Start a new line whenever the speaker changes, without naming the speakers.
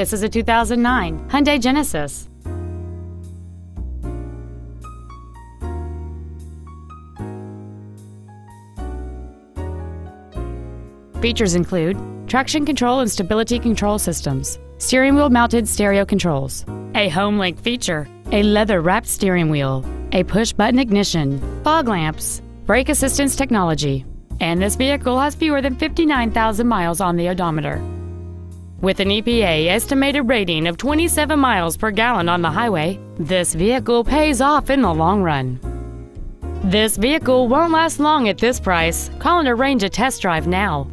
This is a 2009 Hyundai Genesis. Features include traction control and stability control systems, steering wheel mounted stereo controls, a home link feature, a leather wrapped steering wheel, a push button ignition, fog lamps, brake assistance technology, and this vehicle has fewer than 59,000 miles on the odometer. With an EPA estimated rating of 27 miles per gallon on the highway, this vehicle pays off in the long run. This vehicle won't last long at this price. Call and arrange a test drive now.